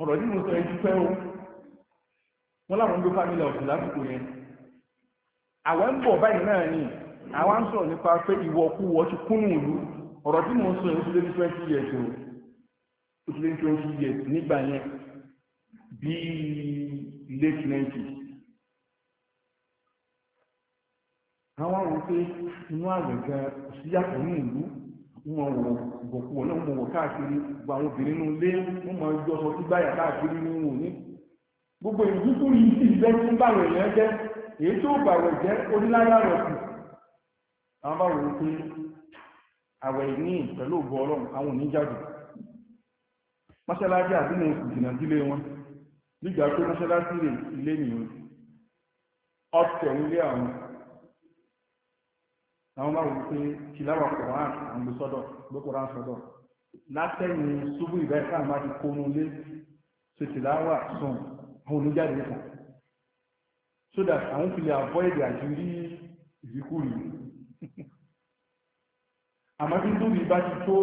Speaker 1: ọ̀rọ̀ tí mo sọ ẹjú pẹ́ o wọ́n láwọn ń gbé family house lásìkò yẹn àwọn ń bọ̀ báyìí náà ni àwọn ń sọ̀rọ̀ nípa pé ìwọ kú wọ́ ti kúnnù ìlú ọ̀rọ̀ tí mo sọ oṣù lẹ́ni twenty years o oṣù lẹ́ni twenty years nígbà yẹn bíi late nineties àwọn àwọn pé inú àwẹ̀ gan kò sí yàtọ̀ ní ìlú wọn wò gòkú wọn náà wọn wò káàkiri gba àwọn obìnrin nù lé wọn máa yọ ọsọ tí gbáyà káàkiri ní wọn ní gbogbo ìlú tó yìí sì bẹ tí ń bá àwọn èèyàn jẹ èyí tó bà wẹ̀ jẹ́ oníláyà rẹ̀ kù àwọn bá wò ó pé àwẹ̀ ní pẹ̀lú ògbó ọlọ́run àwọn òní jáde mọ́ṣáláṣí àdúgbò ìjìnà sílé wọn nígbà pé mọ́ṣáláṣí ilé nìyẹn ọ̀tẹ̀ ilé àwọn àwọn bá wọ́n pé kìláwà koran àmì sọ́dọ̀ gbé koran sọ́dọ̀ látẹ̀yìn ṣubú ìbẹ́ káàmà ti kó nulé ṣe kìláwà sùn àwọn oníjáde níta so that àwọn fi lè avoid àjúrí ìfikúrì àmọ́ tí tóbi bá ti tó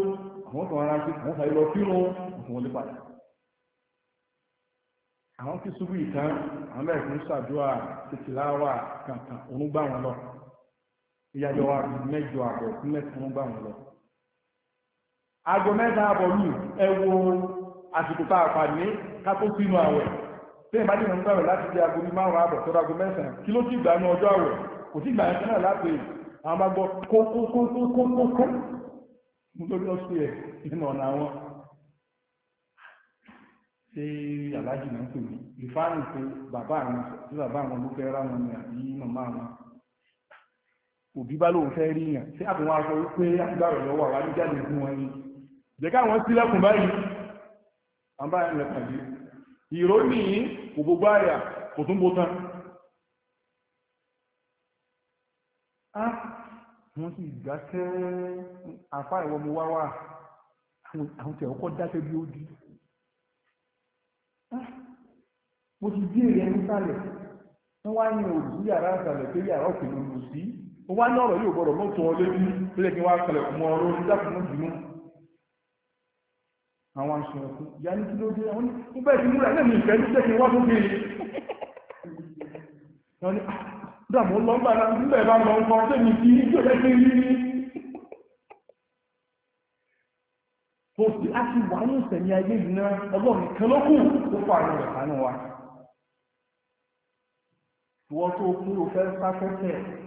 Speaker 1: àwọn kan ara sí àwọn kan lọ fírun àwọn olè padà àwọn kí ṣubú ìtàn àwọn mẹ́rin fún ṣàdúrà ṣe kìláwà kankan òun gbà wọn lọ ìyàjọ mẹ́jọ àbọ̀ sí mẹ́sàn-án gbà wọn lọ aago mẹ́ta àbọ̀ lù ẹ àsìkò tá a fà ní kátó sínú àwẹ̀ tí ìbá dìbò ń gbàwẹ̀ láti di aago ní márùn-ún àbọ̀ tó aago mẹ́sàn-án kí ló sì gbà ní ọjọ́ àwẹ̀ kò sí gbà yẹn náà láti àwọn bá gbọ́ kókókókókókó nítorí ó sí ẹ̀ nínú ọ̀nà àwọn ṣé aláàjì náà ń pè mí ìfáàrùn pé bàbá àwọn ló fẹ́ ra wọn ní àbí màmá àwọn òbí bá lóun fẹ́ rí yàn tí àbí wọn aṣọ wípé àgbàrò lọ́wọ́ àwọn ajíjáde fún wọn ni jẹ́ káwọn sílẹ̀kùn báyìí àwọn báyìí ń lẹ̀kàn dé ìró ní ògbógbó àyà kò tún bó tán á wọ́n sì dákẹ́ àfá ìwọ mo wá wà àwọn tẹ̀ ọkọ̀ dákẹ́ bí ó di mo ti bí èrè ń sálẹ̀ wọ́n wá ní òbí yàrá ìsàlẹ̀ pé yàrá òkè lòlù sí mo ní ọ̀rọ̀ yóò gbọ́dọ̀ mọ́ wọn lórí tó yẹ kí wọ́n á kalẹ̀ ọ̀rọ̀ onídàkùnrin bínú àwọn aṣọ ẹ̀kú ní kí ló dé àwọn bẹ́ẹ̀ ti múra ẹlẹ́mìí ìfẹ́ ní jẹ́ wọ́n tún bí wọ́n ní dàmú lọ́gbà náà níbẹ̀ bá lọ ń kọ́ tẹ́mi kí ìjọ rẹ̀ ti rí rí kò sí a wà ní ìsẹ̀mí ayé yìí náà ọlọ́run ló kù tó fà ní rẹ̀ wa ìwọ́n tó kúrò fẹ́ sáfẹ́fẹ́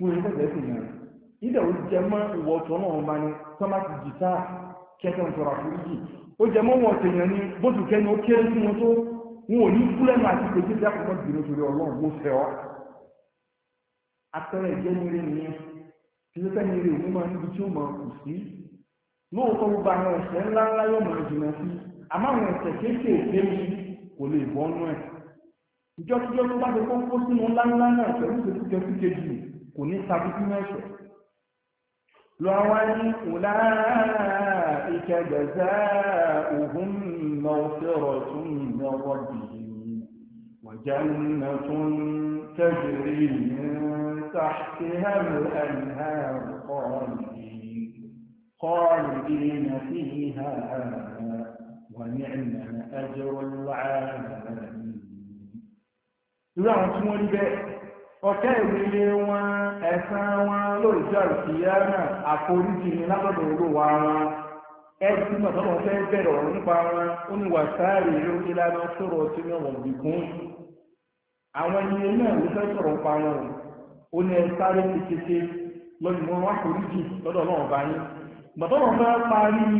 Speaker 1: fún ẹgbẹ́ ìgbẹ́sìn yẹn ìdẹ̀ ó jẹ mọ́ ìwọ̀ ọ̀tọ̀ náà wọn bá ní tọ́mà ti jì sáà kẹ́kẹ́ ń tọrọ àforíjì ó jẹ mọ́ wọn ọ̀tẹ̀ yẹn ní bójú kẹ́ni ó kéré sí wọn tó wọn ò ní kú lẹ́nu àti pèsè ìdí àkọ́kọ́ bìnrin torí ọlọ́run mo fẹ́ ọ. apẹ̀rẹ̀ ìjẹ́ nílé nìyẹn tí ó fẹ́ni rè ó máa níbi tí ó máa kù sí lóòótọ́ gbogbo àwọn ẹ̀ṣẹ̀ ńláńlá yóò máa jìnà sí àmọ́ àwọn ẹ̀ṣẹ̀ kéékèèké mi kò lè bọ́ nú ẹ̀ ìjọ́síjọ́ tó bá ti kó kó sínú kò ní sàbùkù mẹ́sẹ̀ lọ́wọ́ ní ọ̀la ìkẹgbẹ̀zẹ́ òhun mọ̀ọ́fẹ́rọ̀ tún ìnáwó bìí وجنة تجري من تحتها الأنهار خالدين خالدين فيها ونعم أجر العالمين. ọ̀kẹ́ ìrìnlẹ̀ wọn ẹ̀san wọn lóòjọ́ ìfìyà náà àforíjì ni látọ̀dọ̀ olówó ara ẹ̀sìn nígbà tó fẹ́ bẹ̀rẹ̀ ọ̀rọ̀ nípa wọn ó ní sọ̀rọ̀ àwọn ẹni náà ló fẹ́ sọ̀rọ̀ pa wọn ó ní ẹ̀sáré lọ́dún wọn lọ́dọ̀ náà bá yín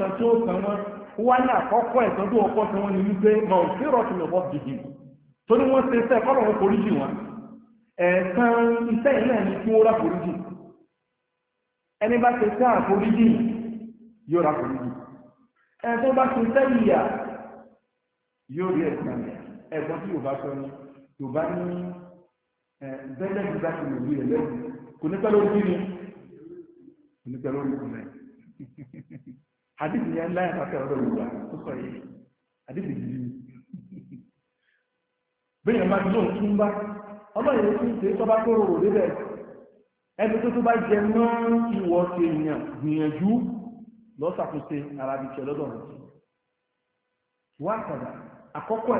Speaker 1: fẹ́ parí wọ́n ní àkọ́kọ́ ẹ̀tọ́jú ọkọ́ tí wọ́n ní wípé ma ò sí rọ̀tì lọ́bọ̀ gidi tó ní wọ́n ṣe iṣẹ́ kọ́lọ̀ wọn foríjì wọn ẹ̀ẹ̀kan iṣẹ́ yìí náà ní kí wọ́n rà foríjì ẹni bá ṣe iṣẹ́ àforíjì yóò rà foríjì ẹni tó bá ṣe iṣẹ́ ìyà yóò rí ẹ̀sán ẹ̀gbọ́n tí Yorùbá sọ ni Yorùbá ní bẹ́lẹ̀ bí bá ti lò rí ẹ̀lẹ́wọ̀n kò ní hadithi yẹn láyé àtàkà ọ̀rọ̀ ìwà tó sọ yìí hadithi yìí bẹ́ẹ̀ máa tún bá tún ṣe tó bá rò débẹ̀ ẹni tó tó bá jẹ náà ìwọ gbìyànjú lọ́sàkóso ara bí lọ́dọ̀ rẹ̀ wá àkọ́kọ́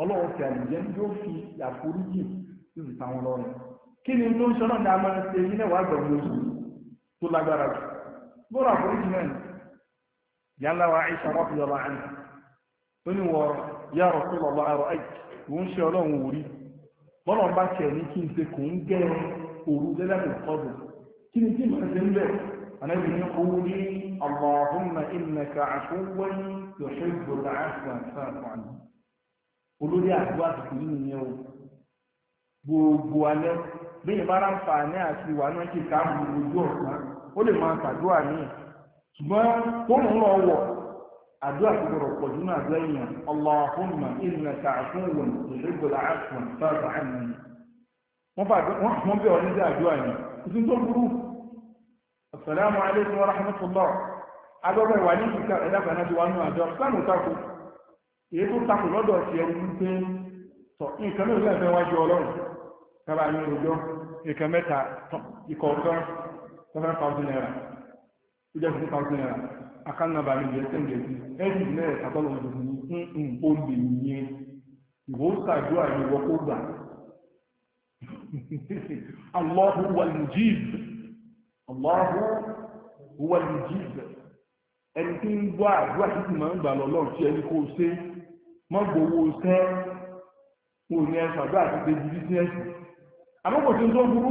Speaker 1: ọlọ́wọ́ àlùjẹ́ yóò fi àforíjì sí kí ni ló ń bọ́rọ̀ àforíjì na yàlá wa Aisha radiyallahu anha ó ní ya Rasulullah àrọ̀ àìkì wọ́n ṣe ọlọ́run wò rí bá ní kí n ṣe kò ń gẹ́ òru lẹ́lẹ́kùn kọ́dù kí ni kí n ṣe ń bẹ̀ ànábì ní owó ní Allahumma innaka afuwwun tuhibbul afwa fa'fu anni olórí àdúrà tuntun yìí nìyẹn o ó lè máa ṣàdúrà ní ṣùgbọ́n tó ń lọ wọ̀ àdúrà tó gbọdọ̀ pọ̀ jù náà lẹ́yìn Allahumma innaka afuwwun tuhibbul afwa fa'fu anni wọ́n bẹ̀ ọ́ níbi àdúrà yẹn tuntun tó burú asalaamu aleykum wa rahmatulah agbọ́dọ̀ ìwà ní ìkíkà ẹ̀dá kan náà ti wà nínú àjọ sáàmù takò èyí tó takò lọ́dọ̀ ti ẹni wípé tọ̀ nǹkan náà lẹ́fẹ̀ẹ́ wájú ọlọ́run kábàá ní ọjọ́ mẹ́ta ìkọ̀ọ̀kan seven thousand naira tó jẹ́ fifty thousand naira account number mi jẹ́ ten days ẹ̀sì náà àtọ́lọ́ ọdún ní nǹkan olè yẹn ìwọ ṣàdúrà yẹn wọ́n kó gbà Allahu wal mujib Allahu wal mujib ẹni tí ń gbọ́ àdúrà tí ti máa ń gbà lọ́lọ́run tí ẹni kò ṣe mọ́ gbowó ṣẹ́ wọn ò ní ẹ̀ṣọ́ àdúrà ti ṣe di bísíẹ̀sì àmọ́ kò ń tó burú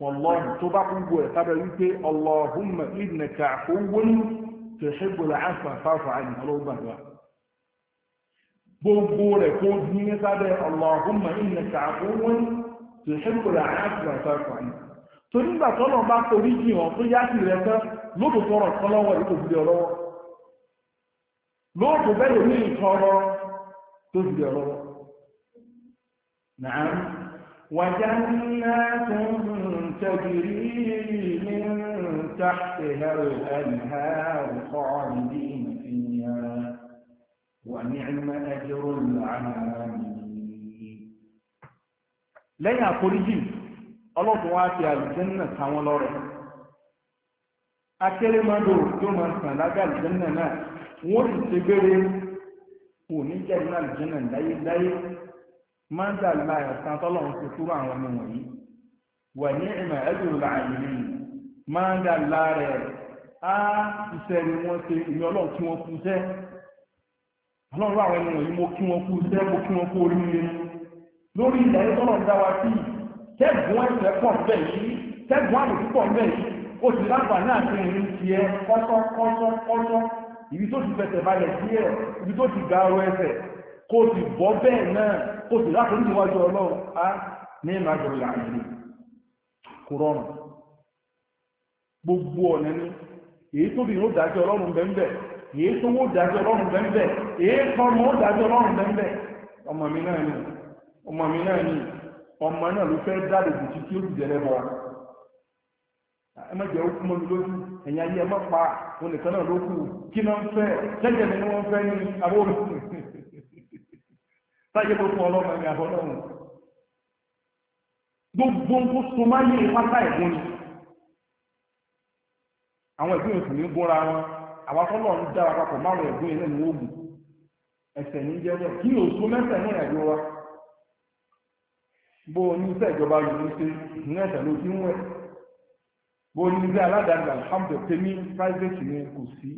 Speaker 1: wọlọ́ọ̀hún tó bá kún gbọ́ ẹ̀ sábẹ́ wípé ọlọ́ọ̀húnmọ̀ ìdìnnẹ̀kà owó ní tẹ̀síbùlà àṣà fáfà àyìn ọlọ́gbàdúrà gbogbo rẹ̀ kó ní sábẹ́ ọlọ́ọ̀húnmọ̀ ìdìnnẹ̀kà owó ní tẹ̀síbùlà àṣà fáfà àyìn tó nígbà tọ́lọ̀ bá torí jì hàn tó yá sí rẹ̀ tán lóòtò tọrọ kan lọ́wọ́ èyí tó fi ọlọ́wọ́ lóòtò bẹ́ẹ̀ ní ìtọrọ tó fi ọlọ́wọ́ nàá وجنات تجري من تحتها الأنهار خالدين فيها ونعم أجر العاملين lẹ́yìn àforíjì ọlọ́tún wá fi àlùjẹ́nà táwọn lọ́rẹ̀ akérèmọ́dò a máa ma sàn lágbà àlùjẹ́nà náà wọ́n sì ṣe gbére kò ní jẹ́ ní àlùjẹ́nà dáyédáyé mọ́ńdà láì ọ̀sán tọ́lọ́run ti kúrò àwọn ọmọ wọ̀nyí wà ní ìmọ̀ ẹ̀dùn láàyè ní mọ́ńdà láàrẹ̀ á iṣẹ́ ni wọ́n ṣe ìní ọlọ́run kí wọ́n kú iṣẹ́ ọlọ́run àwọn ẹni wọ̀nyí mo kí wọ́n kú iṣẹ́ mo kí wọ́n kú oríire lórí ilẹ̀ ayé tọ́lọ́run dá wa sí tẹ́gùn ẹ̀sẹ̀ pọ̀ bẹ́ẹ̀ yìí tẹ́gùn àbùkù pọ̀ bẹ́ẹ̀ yìí ó ti lágbà náà fi ìrìn tiẹ̀ kọ́sọ́kọ́sọ́kọ́sọ́ ibi tó ti fẹsẹ̀ balẹ̀ díẹ̀ ibi tó ti ga ọ ẹsẹ̀ kó sì bọ́ bẹ́ẹ̀ náà kó sì láti ní ìwájú ọlọ́run á ní ìmájọ gbogbo ọ̀nà ni èyí tó bí ó ọlọ́run bẹ́ẹ̀ èyí tó wó dájọ́ ọlọ́run bẹ́ẹ̀ èyí tọ́mọ ó dájọ́ ọlọ́run bẹ́ẹ̀ ọmọ mi náà ni ọmọ mi náà ni ọmọ náà ló fẹ́ ó bọ́ ẹ má jẹ́ okú mọ́mi lójú má pa sáyé tó fún ọlọ́mọ ẹgbẹ́ àbọ́lọ́run gbogbo ń tó so máyé pátá ẹ̀gbọ́n ni àwọn ẹ̀gbọ́n yóò sì ní gbóra wọn àwọn akọ́lọ́ ń dára papọ̀ márùn ẹ̀gbọ́n yẹn lẹ́nu oògùn ẹ̀sẹ̀ ní jẹ́ náà kí ni òṣù mẹ́sẹ̀ ní ìrìnàjò wa bó o ní iṣẹ́ ìjọba yìí ní ṣe ní ẹ̀sẹ̀ ló ti ń wẹ̀ bó o ní iṣẹ́ aládàáni alhamdulilayi private ni kò sí.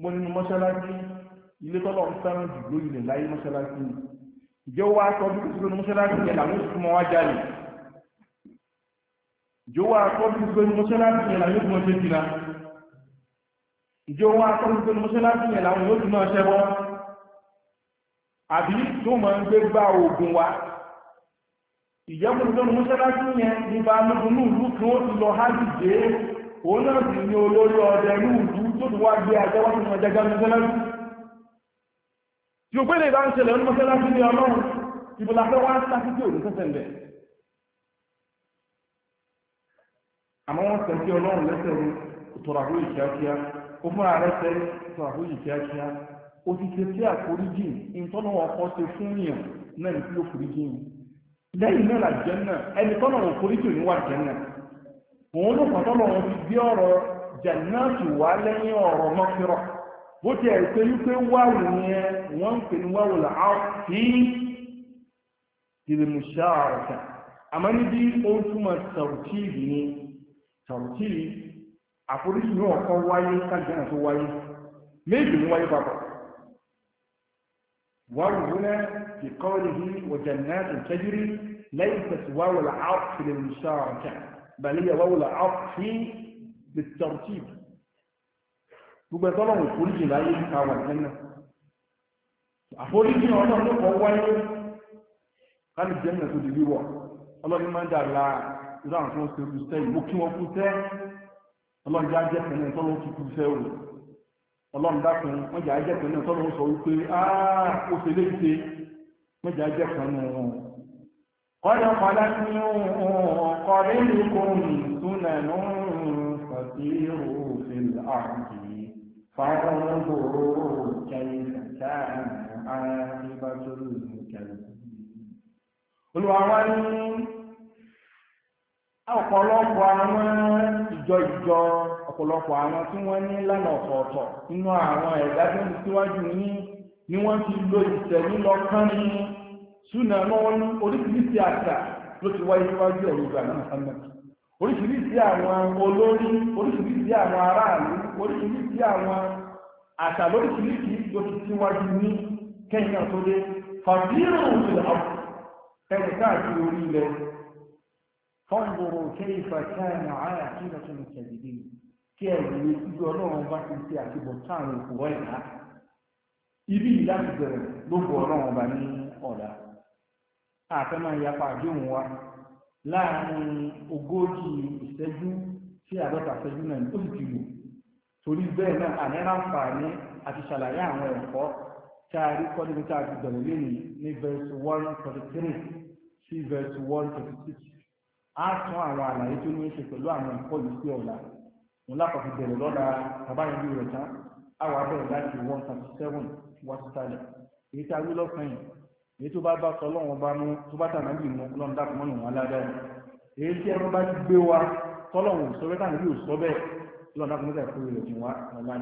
Speaker 1: mo nínú mọ́ṣáláṣí ilé tọ́lọ̀ ń fẹ́ràn jù lórí ilẹ̀ láyé mọ́ṣáláṣí ni ìjọ wa sọ bí kúkú ní mọ́ṣáláṣí yẹn làwọn oṣù mọ́ wá jáde ìjọ wa sọ bí kúkú ní mọ́ṣáláṣí yẹn làwọn oṣù mọ́ ṣe jìnnà ìjọ wa sọ bí kúkú ní mọ́ṣáláṣí yẹn làwọn oṣù mọ́ ṣẹ́ bọ́ àbí tó máa ń gbé gbá oògùn wa ìjẹ́kùn tó ní mọ́ṣáláṣí yẹn ní bá òun náà sì ní olórí ọdẹ ní ìlú tó ti wá gbé àjẹ́wọ́ nínú ọjọ́gá mọ́sálásí tí ó pé lè bá ń ṣẹlẹ̀ ní mọ́sálásí ní ọlọ́run ìbùlà fẹ́ wá ń sáfí tí òun sẹ́sẹ̀ lẹ̀ àmọ́ wọ́n sọ sí ọlọ́run lẹ́sẹ̀ rú tọ̀ràbó yìí kíákíá ó fún ààrẹ sẹ́ tọ̀ràbó yìí kíákíá ó ti ṣe sí àforíjì ìtọ́nà ọkọ̀ ṣe fún yàn náà ní kí ó foríjì lẹ́yìn náà làjẹ́ náà ẹni tọ́nà òforíjì ò ní wà jẹ́ náà òun ló kàn tọ́lọ̀ wọn fi gbé ọ̀rọ̀ jannatu wá lẹ́yìn ọ̀rọ̀ mọ́kírọ̀ bó ti ẹ̀ pé wípé wáwù yẹn wọ́n ń pè ní wáwù làá fi ìrìnmù ṣáàrọ̀tà àmọ́ níbi ó túmọ̀ tàùtìrì ni tàùtìrì àforíjì ní ọ̀kan wáyé kájọ́nà tó wáyé méjì ní wáyé papọ̀ wáwù húnà ìkọ́lẹ̀ yìí wọ̀jẹ̀ náà tó tẹ́jú lẹ́yìn tẹ̀síwáwù làá fi ìrìnmù ṣáàrọ̀tà بل هي واو العطف بالترتيب gbogbo ẹ̀tọ́ lọ́wọ́ ìforíjì láyé nípa wà ìjẹ́nà àforíjì ọ̀nà lọ́pọ̀ wáyé káàlì jẹ́nà tó dìbí wọ̀ ọlọ́rin máa ń dà la ìlú àwọn tó ń ṣerú sẹ́ ìmú kí wọ́n kú sẹ́ ọlọ́rin já jẹ́ pẹ̀lú ẹ̀tọ́ lọ́wọ́ قد خلت من قبلكم سنن فسيروا في الأرض فانظروا كيف كان عاقبة المكذبين قل وعواني ọ̀pọ̀lọpọ̀ àwọn ìjọ ìjọ ọ̀pọ̀lọpọ̀ àwọn tí wọ́n ní lánà ọ̀tọ̀ọ̀tọ̀ nínú àwọn ẹ̀dá tó ń síwájú yín ni wọ́n ti lo ìṣẹ̀lú lọ kán ní súnà mọ́ wọn ní oríṣiríṣi àṣà ló ti wáyé níwájú ọ̀rọ̀ ìgbà náà sánmọ́ oríṣiríṣi àwọn olórí oríṣiríṣi àwọn aráàlú oríṣiríṣi àwọn àṣà lóríṣiríṣi ló ti síwájú ní kẹ́yìn náà tó dé fàbírò òṣèlú àwọn ẹni káàkiri orí ilẹ̀ fọ́nbùrù kéfà káàmì àyà kí lọ́tọ́ ní kẹ̀lìdì kí ẹ̀rù ní ibi ọlọ́run bá ti ṣe àtibọ̀ káàrin òkú ọ̀yà ibi ìlànà ìbẹ̀rẹ̀ ló bọ̀ ọlọ́run bá ní ọ̀la àfẹ́ máa yapa àdéhùn wa láàrin ogójì ìṣẹ́jú sí àádọ́ta ìṣẹ́jú náà ní oṣù tìlù torí bẹ́ẹ̀ náà àní láǹfààní àti ṣàlàyé àwọn ẹ̀kọ́ tá a rí kọ́ níbi tá a ti ní verse one thirty three sí verse one thirty six á tún àwọn àlàyé tó ní í ṣe pẹ̀lú àwọn ẹ̀kọ́ yìí sí ọ̀la òun lápapọ̀ bẹ̀rẹ̀ lọ́la àbáyọ̀bí rẹ̀ tán á wà láti one thirty seven wá sí sálẹ̀ èyí tá a rí lọ́kàn yìí èyí tó bá bá sọ lọ́wọ́n bá mú tó bá tànà bí mú lọ́nà dákun mọ́nà wọn aládàá èyí tí ẹnu bá ti gbé wa tọ́lọ́wọ́n sọ bẹ́ẹ̀ tànà bí lọ́nà dákun mọ́tà ìkúrò rẹ̀ jù wá ọ̀la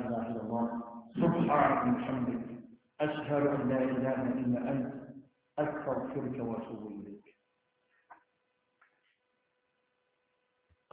Speaker 1: ní ìlànà ìlànà